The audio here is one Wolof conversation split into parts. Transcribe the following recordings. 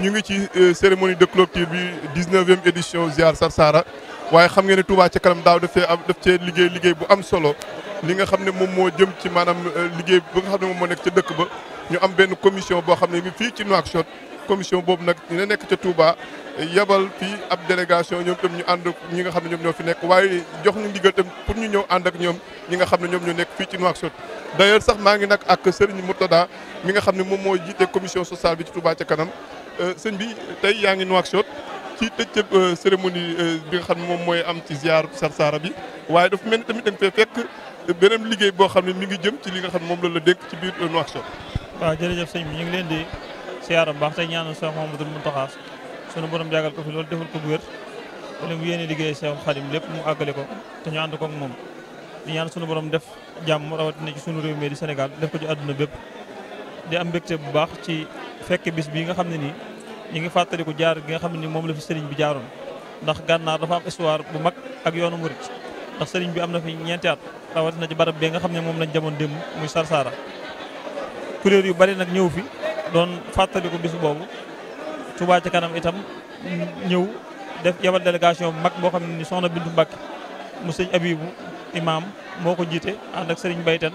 ñu ngi ci euh, cérémonie de clôture bi 19e édition ziar Sarsara waaye xam ngeen ne Touba ca kanam daaw daf cee am cee liggéey liggéey bu am solo li nga xam ne moom moo jëm ci maanaam euh, liggéey bu nga xam ne moom moo nekk ca dëkk ba ñu am benn commission boo xam ne fii ci Nouakchott commission boobu nag dina nekk ca Touba yabal fii ab délégation ñoom tam ñu ànd ñi nga xam ne ñoom ñoo fi nekk waaye jox ñu ndigal tam pour ñu ñëw ànd ak ñoom ñi nga xam ne ñoom ñoo nekk fii ci Nouakchott d'ailleurs sax maa ngi nag ak Serigne Murtada mi nga xam ne moom moo jiite commission sociale bi ci Touba ca kanam euh, sëñ bi tey yaa ngi Nouakchott ci tëj euh, cérémonie euh, bi nga xam ne moom mooy am ci ziar Sarsara bi waaye dafa mel ni tamit da fee fekk beneen liggéey boo xam ne mi ngi jëm ci li nga xam ne moom la la dénk ci biir Nouakchott. waaw jërëjëf sëñ bi siyaara bu baax tey ñaanal Cheikh Mouhamadoul Mountakha sunu borom jàggal ko fi loolu defal ko bu wér li mu yéene liggéey Cheikh Khadim lépp mu àggale ko te ñu ànd ko ak moom di ñaan sunu borom def jàmm rawatina ci sunu réew mi di Sénégal def ko ci àdduna bépp di am mbégte bu baax ci fekk bis bii nga xam ne nii ñu ngi fàttaliku jaar gi nga xam ni moom la fi sëriñ bi jaaroon ndax gànnaar dafa am histoire bu mag ak yoonu murit ndax sëriñ bi am na fi ñeenti at rawatina ci barab bi nga xam ne moom lañ jamoon démb muy Sarsara kuréel yu bari nag ñëw fi doon fàttaliku bis boobu Touba ci kanam itam ñëw def yabal délégation bu mag boo xam ne ni soxna Bintu Mbàkke mu sëñ Abibu imaam moo ko jiite ànd ak sëriñ Bayten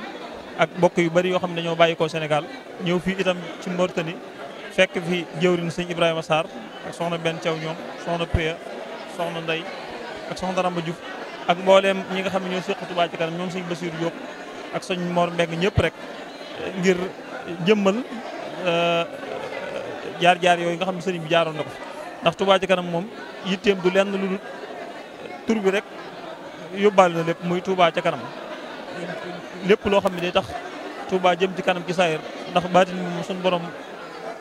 ak mbokk yu bari yoo xam ne ñoo bàyyi ko Sénégal ñëw fii itam ci Mauritanie fekk fi jëwriñ sëñ Ibrahima Sarr soxna benn Thiaw ñoom soxna Péya soxna Ndey ak soxna Ramba Diouf ak mbooleem ñi nga xam ne ñoo séq Touba ci kanam ñoom sëñ Basiir Diop ak sëñ Mor Mbeng ñëpp rek ngir jëmmal Euh, jaar-jaar yooyu nga xam ne sëriñ bi jaaroon na ko ndax Touba Ca Kanam moom yitteem du lenn lu dul tur bi rek yóbbaale na lépp muy Touba ci Kanam lépp loo xam ne day tax Touba jëm ci kanam ci saayir ndax baatin moom suñu borom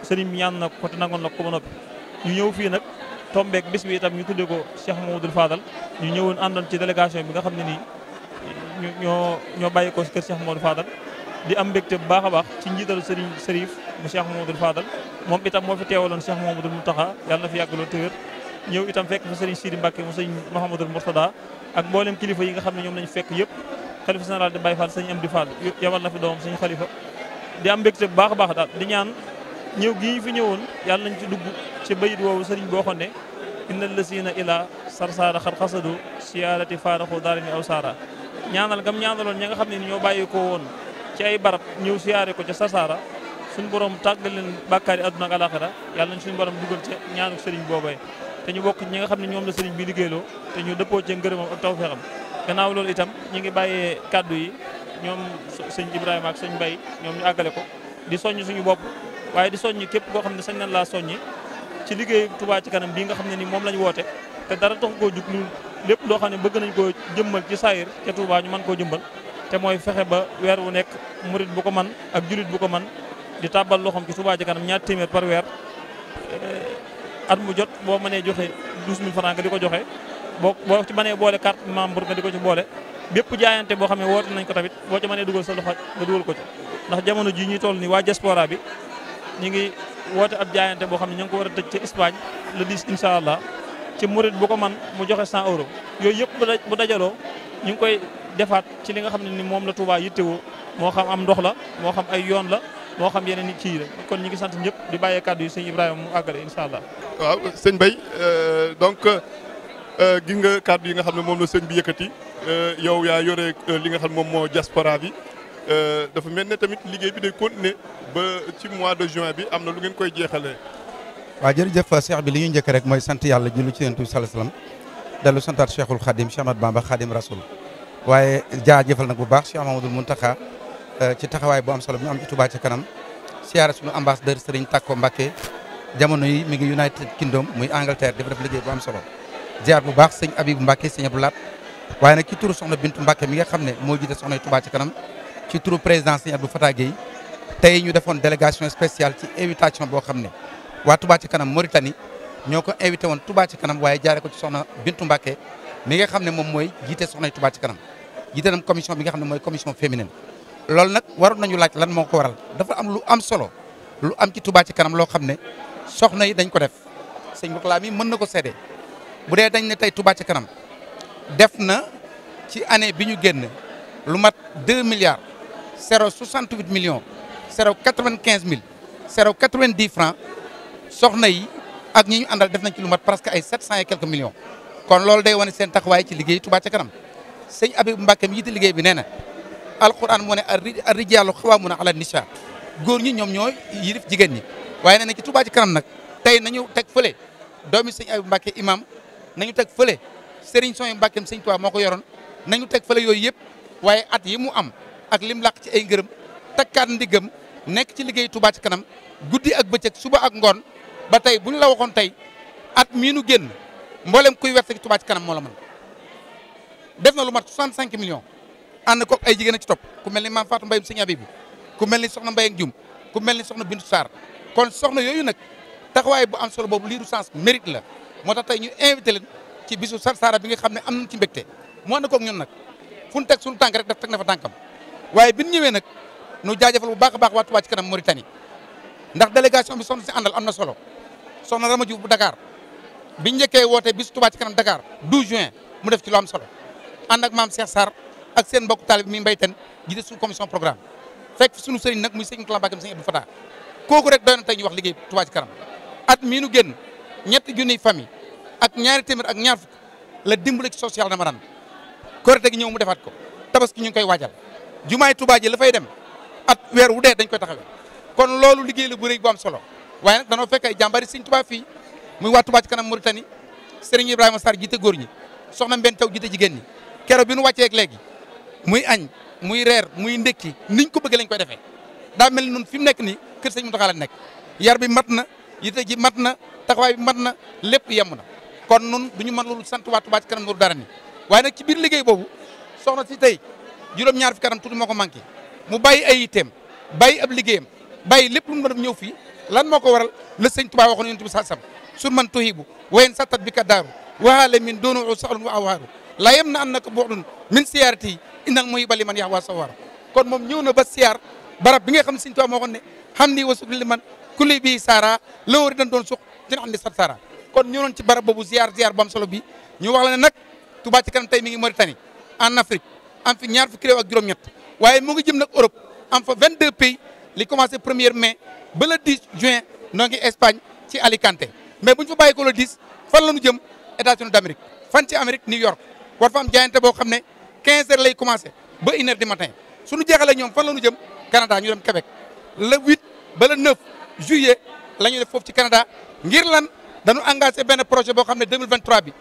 sëriñ bi ñaan na ko te nangoon na ko ba noppi ñu ñëw fii nag tombeek bis bi itam ñu tuddee ko Cheikh Mamadou Fadal ñu ñëwoon àndoon ci délégation bi nga xam ne nii ñoo ñoo bàyyi ko si kër Cheikh Mamadou Fadal di am mbégte bu baax a baax ci njiitalu Serigne Serif mu Cheikh Mamadou Fadal moom itam moo fi teewaloon Cheikh Mamadou Mountakha yàlla na fi yàggaloo téwér ñëw itam fekk fa Serigne Sidi Mbacke mu Serigne Mouhamadou Mourtada ak mboolem kilifa yi nga xam ne ñoom lañu fekk yëpp xalifa général de Baye Fall Serigne Amdi Fall yabal na fi doomam Serigne Khalifa di am mbégte baax a baax daal di ñaan ñëw gi ñu fi ñëwoon yàlla nañ ci dugg ci bayit woowu Serigne boo xam ne inna lasina ila sarsaara xar xasadu siyaarati faaraxu daarini aw saara ñaanal gam ñaanaloon ña nga xam ne ñoo bàyyi ko woon ci ay barab ñëw siyaare ko ca Sarsara suñu borom tàggal leen bàkkaari àdduna ak alaxira yàlla nañ suñu borom dugal ca ñaanu sëriñ boobay te ñu bokk ñi nga xam ne ñoom la sëriñ bii liggéeyloo te ñu dëppoo ci ngërëmam ak tawfeexam gannaaw loolu itam ñu ngi bàyyee kàddu yi ñoom sëñ Ibrahima ak sëñ bay ñoom ñu àggale ko di soññ suñu bopp waaye di soññ képp koo xam ne sañ nañ laa yi ci liggéey Touba ci kanam bii nga xam ne ni moom lañ woote te dara tax jug lu lépp loo xam ne bëgg nañ koo jëmmal ci saayir ca Touba ñu mën koo jëmbal te mooy fexe ba weer wu nekk murit bu ko man ak julit bu ko man di tàbbal loxoom ci Touba ca kanam ñaar téeméer par weer eh, at mu jot boo mënee joxe 12000 francs nga di ko joxe boo boo ci mënee boole carte membre nga di ko ci boole bépp jaayante boo xam ne woote nañ ko tamit boo ci manee dugal sa loxo nga dugal ko ci ndax jamono ji ñuy toll ni waa diaspora bi ñu ngi woote ab jaayante boo xam ne ñu ngi ko war a tëj ca Espagne le 10 incha allah ci murit bu ko man mu joxe 100 euros defaat ci li nga xam ne ni moom la Touba yittewoo moo xam am ndox la moo xam ay yoon la moo xam yeneen i kii la kon ñi ngi sant ñëpp di bàyyee kàddu yi sëñ Ibrahima mu àggale incha allah. waaw sëñ Bay euh, donc euh, gis nga kàddu yi nga xam ne moom la sëñ bi yëkkati euh, yow yaa yore li nga xam moom moo diaspora bi dafa mel ne tamit liggéey bi day continuer ba ci mois de juin bi am na lu ngeen koy jeexalee. waaw jërëjëf Cheikh bi li ñuy njëkk rek mooy sant yàlla julli ci Yonent bi sallallahu alayhi wasallam dellu santaat Cheikhul Khadim Cheikh Ahmad Bamba Khadim Rasoul waaye jaajëfal nag bu baax Cheikh Mamadou Mountakha euh, ci taxawaay bu am solo bi mu am ci Touba ca kanam siyaare suñu ambassadeur Serigne Takko Mbacké jamono yi mi ngi United Kingdom muy Angleterre dafa def liggéey bu am solo jaar bu baax sëñ Abib Mbacké sëñe bu Lat waaye nag ci turu soxna Bintu Mbacké mi nga xam ne moo ji jiite soxna Touba ca kanam ci turu président sëñ bu Fatah Gueye tey ñu defoon délégation spéciale ci invitation boo xam ne waa Touba ca kanam Mauritanie ñoo ko invité woon Touba ca kanam waaye jaare ko ci soxna Bintu Mbacké mi nga xam ne moom mooy jiite soxna Touba ci kanam jiite nam commission bi nga xam ne mooy commission féminine loolu nag waroon nañu laaj lan moo ko waral dafa am lu am solo lu am ci Touba ci kanam loo xam ne soxna yi dañ ko def sëñ Mourtala mi mën na ko seede bu dee dañ ne tey Touba ci kanam def na ci année bi ñu génn lu mat 2 milliards 068 millions 095 mille 090 francs soxna yi ak ñi ñu àndal def nañ ci lu mat presque ay 700 et quelques millions kon loolu day wane seen taxawaay ci liggéey Touba kanam sëñ Abib Mbacke mi yitte liggéey bi nee na alquran moo ne ar rijaalu na ala nisaa góor ñi ñoom ñooy yilif jigéen ñi waaye nee na ci Touba ci kanam nag tey nañu teg fële doomi sëñ Abib Mbacke imam nañu teg fële Serigne Soy Mbackeem sëñ Touba moo ko yoroon nañu teg fële yooyu yëpp waaye at yi mu am ak lim lakk ci ay ngërëm takkaat ndiggam nekk ci liggéey Touba ci kanam guddi ak bëccëg suba ak ngoon ba tey bu la waxoon tey at miinu génn mbooleem kuy werse ci Touba ci kanam moo la mën def na lu mat 65 million ànd ko ay jigéen a ci topp ku mel ni maam Fatou Mbaye Sëñ bu ku mel ni soxna Mbaye ak Jum ku mel ni soxna Bintu Sarr kon soxna yooyu nag taxawaay bu am solo boobu lii du sens mérite la moo tax tey ñu invité leen ci bisu Sarsara bi nga xam ne am nañ ci mbégte mu ànd koog ñun nag fu ñu teg suñu tànk rek daf teg na fa tànkam waaye bi ñu ñëwee nag nu jaajëfal bu baax a baax waa Touba ci kanam Mauritanie ndax délégation bi soxna si àndal am na solo soxna Rama Diouf bu Dakar bi njëkkee woote bis Touba ci kanam du 12 juin mu def ci lu am solo ànd ak maam Cheikh Sarr ak seen mbokk taalib mi mbayten jiite suñu commission programme fekk suñu sëriñ nag muy sëriñ Tuubaa Mbàkke sëriñ Abdou Fatah kooku rek doy na tey ñu wax liggéey Touba ci at mii nu génn ñetti junniy famille ak ñaari téeméer ak ñaar fukk la dimbali ci na dama ran korite gi ñëw mu defaat ko tabaski ñu ngi koy waajal jumaa Touba ji la fay dem at weer wu dee dañ koy taxawee kon loolu liggéey la bu rëy bu am solo waaye nag danoo fekk ay jàmbari sëriñ fii muy waa Touba ci kanam Mauritanie Serigne Ibrahima Sarr jiite góor ñi soxna Mbène Thiaw jiite jigéen ni keroog bi nu wàccee léegi muy añ muy reer muy ndekki niñ ko bëgg lañ koy defee daa mel ni nun fi mu nekk nii kër sëñ Mountakha la nekk yar bi mat na yite ji mat na taxawaay bi mat na lépp yem na kon nun du ñu mën loolu sant waa Touba ci kanam dara ni waaye nag ci biir liggéey boobu soxna si tey juróom-ñaar fi kanam tuuti moo ko manqué mu bàyyi ay itteem bàyyi ab liggéeyam bàyyi lépp lu mu doon ñëw fii lan moo ko waral la sëñ Touba waxoon yonent bi sa sam sun man tuhibu wa in sattat bika daaru wahaala min doonuhu sahlun wa awaaru la yem na an naka buxdun min siyaarati innal muhiba li man yahwa sawaara kon moom ñëw na ba siyaar barab bi nga xam Sëriñ Tuubaa moo xoon ne xam ni wasukli li man kulli bii saara la wari dañ doon suq dina am ni sat saara kon ñëw nañ ci barab boobu ziar ziar bu am solo bi ñu wax la ne nag Touba ci kanam tey mi ngi Mauritanie en Afrique am fi ñaar fukki réew ak juróom waaye mu ngi jëm nag Europe am fa 22 pays li commencé 1er mai ba juin noo ngi Espagne ci Alicante mais bu ñu fa bàyyi ko le 10 fan la ñu jëm États-Unis d'Amérique fan ci Amérique New York war fa am jaayante boo xam ne 15 heures lay commencé ba une heure du matin suñu ñoom fan la ñu jëm Canada ñu dem Québec le 8 ba le 9 juillet la ñu def foofu ci Canada ngir lan dañu engage benn projet boo xam ne 2023 bi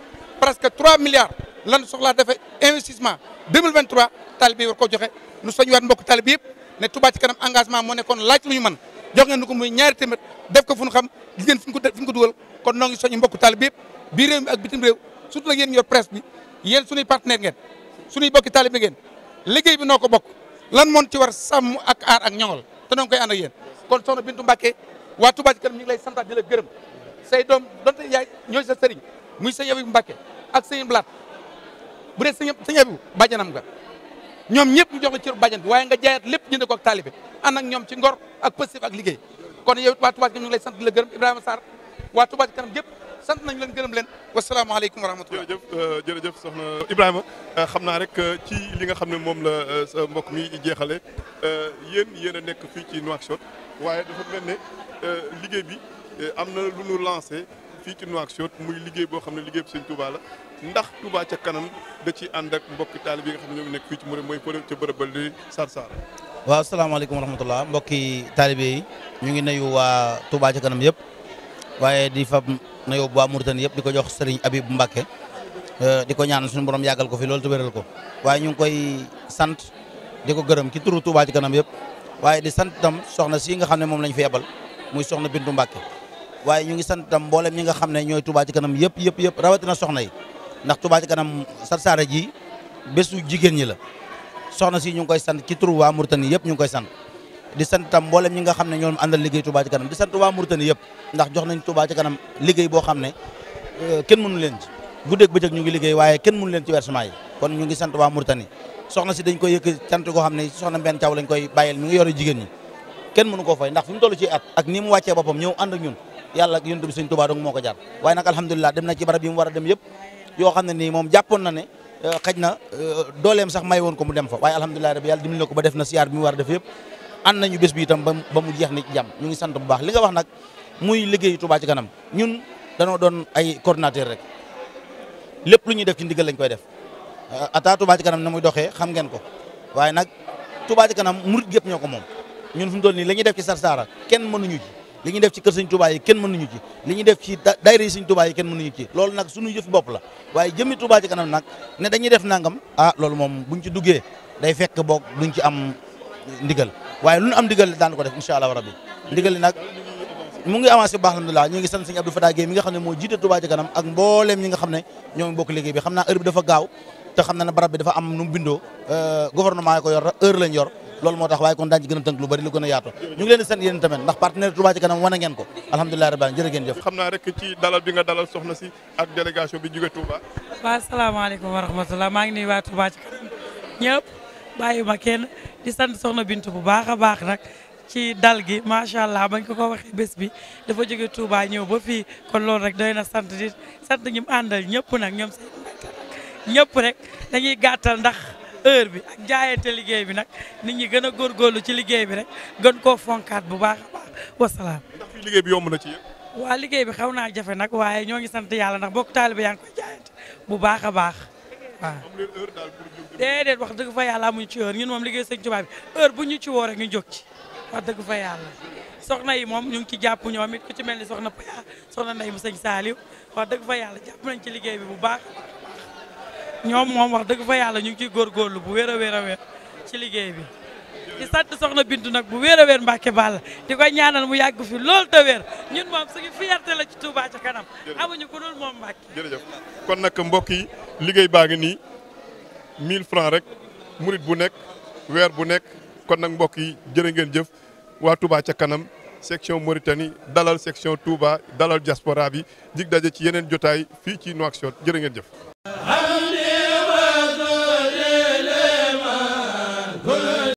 presque 3 milliards lan soxlaa defee investissement 2023 tali bi war koo joxe nu soñwaat mbokk tali bi yëpp ne Touba ci kanam engagement moo nekkoon laaj lu ñu mën jox ngeen ni ko muy ñaari téeméer def ko fu ñu xam gis ngeen fi ko fi ñu ko dugal kon noo ngi soññi mbokku taalib yëpp biir réew ak bitim réew surtout nag yéen yor presse bi yéen suñuy partenaire ngeen suñuy bokki taalib bi ngeen liggéey bi noo ko bokk lan moon ci war sàmm ak aar ak ñoŋol te noo ngi koy ànd ak kon soxna Bintu Mbàkke waa Touba ci kanam ñu ngi lay santaat di gërëm say doom donte yaay ñooy sa seriñ muy sëñ Abibu Mbàkke ak sëñ Blaat bu dee sëñ sëñ Abibu bàjjanam ñoom ñëpp ñu jox la cër bàjjan bi waaye nga jaayaat lépp jënd ko ak taalibe ànd ak ñoom ci ngor ak positif ak liggéey kon yow it waa Touba ñu lay sant di la gërëm Ibrahima Sarr waatu Touba ka kanam gépp sant nañ leen gërëm leen wasalaamaaleykum wa rahmatulah. jërëjëf euh, jërëjëf soxna Ibrahima euh, xam naa rek euh, ci li nga xam ne moom la sa mbokk mi jeexale yéen yéen a nekk fii ci Nouakchott waaye dafa mel ne liggéey bi am na lu ñu lancé fii ci Nouakchott muy liggéey boo xam ne liggéey bu Sëñ Touba ndax Touba ca kanam da ci ànd ak mbokki taalibe yi nga xam ne ñoo nekk fii ci mu mooy përë ca bërëb salaamaaleykum wa rahmatullah mbokki taalibe yi ñu ngi nayu waa Touba ca kanam yëpp waaye di fa nuyu waa Mauritanie yëpp di ko jox Serigne Habib Mbacké euh, di ko ñaan suñu borom yàggal ko fi loolu tubéral ko waaye ñu ngi koy sant di ko gërëm ci turu Touba ca kanam yëpp waaye di sant tam soxna si nga xam ne moom lañ fi muy soxna Bintu mbakke waaye ñu ngi sant tam mboolem ñi nga xam ne ñooy Touba ca kanam yëpp yëpp yëpp rawatina soxna yi ndax Touba ci kanam Sarsara ji bésu jigéen ñi la soxna si ñu ngi koy sant ci turu waa Murtani yëpp ñu ngi koy sant di sant tam mboolem ñi nga xam ne ñoom àndal liggéey Touba ci kanam di sant waa Murtani yëpp ndax jox nañ Touba ci kanam liggéey boo xam ne euh, kenn mënu leen ci guddeeg bëccëg ñu ngi liggéey waaye kenn mënu leen ci versement yi kon ñu ngi sant waa Murtani soxna si dañ koy yëkk sant goo xam ne soxna benn caw lañ koy bàyyil mi ngi yore jigéen ñi kenn mënu ko fay ndax fi mu toll ci at ak ni mu wàccee boppam ñëw ànd ak ñun yàlla ak yonent bi Sëñ Touba dong na ci barab a dem yëpp yoo xam ne nii moom jàppoon na ne euh, xaj na euh, dooleem sax may woon ko mu dem fa waaye alhamdulilah rabbi yàlla dimbali na ko ba def na siyaar bi mu war def yëpp ànd nañu bés bi itam ba mu jeex ni jàmm ñu ngi sant bu baax li nga wax nag muy liggéey Touba kanam ñun danoo doon ay coordinateur rek lépp lu ñuy def ci ndigal lañ koy def euh, ata Touba ci kanam na muy doxee xam ngeen ko waaye nag Touba ci kanam murit gépp ñoo ko moom ñun fu dool nii la ñuy def ci Sarsara kenn mënuñu ji li ñuy def ci kër sëñ Touba yi kenn mënuñu ci li ñuy def ci daayira yi kenn mënuñu ci loolu nag suñu yëf bopp la waaye jëmmi Touba ci kanam nag ne dañuy def nangam ah loolu moom buñ ci duggee day fekk boog ñu ci am ndigal waaye lu ñu am ndigal daan ko def incha allah rabbi ndigal li nag mu ngi avancé bu baax alhamdulilah ñu ngi sant sëñ Abdou Fatah Gueye mi nga xam ne moo jiite Touba ci kanam ak mbooleem ñi nga xam ne ñoom bokk liggéey bi xam naa heure bi dafa gaaw te xam na ne barab bi dafa am nu mu euh, gouvernement yi ko yor heure lañ yor lool moo tax waaye kon daañu ci gën a tënk lu bari lu gën a yaatu ñu ngi leen di sant yéen tamit ndax partenaire Touba ci kanam wane ngeen ko alhamdulilah rabbil alamin jërë ngeen jëf xam naa rek ci dalal bi nga dalal soxna si ak délégation bi jóge Touba waaw asalaamaaleykum wa rahmatulah maa ngi ni waa Touba ci kanam ñëpp ma kenn sant soxna Bintu bu baax a baax nag ci dal gi macha allah bañ ko ko waxee bés bi dafa jóge Touba ñëw ba fii kon loolu rek doy na sant di sant ñi mu àndal ñëpp nag ñoom seen ñëpp rek dañuy gàttal ndax heure bi ak jaayante liggéey bi nag nit ñi gën a góorgóorlu ci liggéey bi rek gën koo fonkaat bu baax a baax wasalaam. ndax yomb na ci yéen. waa liggéey bi xaw naa jafe nag waaye ñoo ngi sant yàlla ndax bokk taalibe yaa ngi koy jaayante bu baax a baax waaw. déedéet wax dëgg fa yàlla amuñu ci heure ñu moom liggéey sëñ Tuubaa bi heure bu ñu ci woo rek ñu jóg ci wax dëgg fa yàlla. soxna yi moom ñu ngi ci jàpp ñoom it ku ci mel ni soxna Paya soxna Ndeye mu sëñ Saliou wax dëgg fa yàlla jàpp ci liggéey bi bu baax ñoom moom wax dëgg fa yàlla ñu ngi góor góorlu bu wéer a wéer ci liggéey bi di sant soxna Bintu nag bu wéer a wéer Mbàkke Bàll di ko ñaanal mu yàgg fi lool te wéer ñun moom suñu fierté la ci Touba ca kanam amuñu ku dul moom Mbàkke kon nag mbokk yi liggéey baa ngi nii 1000 francs rek murit bu nekk weer bu nekk kon nag mbokk yi jërë ngeen jëf waa Touba ca kanam section Mauritanie dalal section Touba dalal diaspora bi dig daje ci yeneen jotaay fii ci Nouakchott jërë ngeen jëf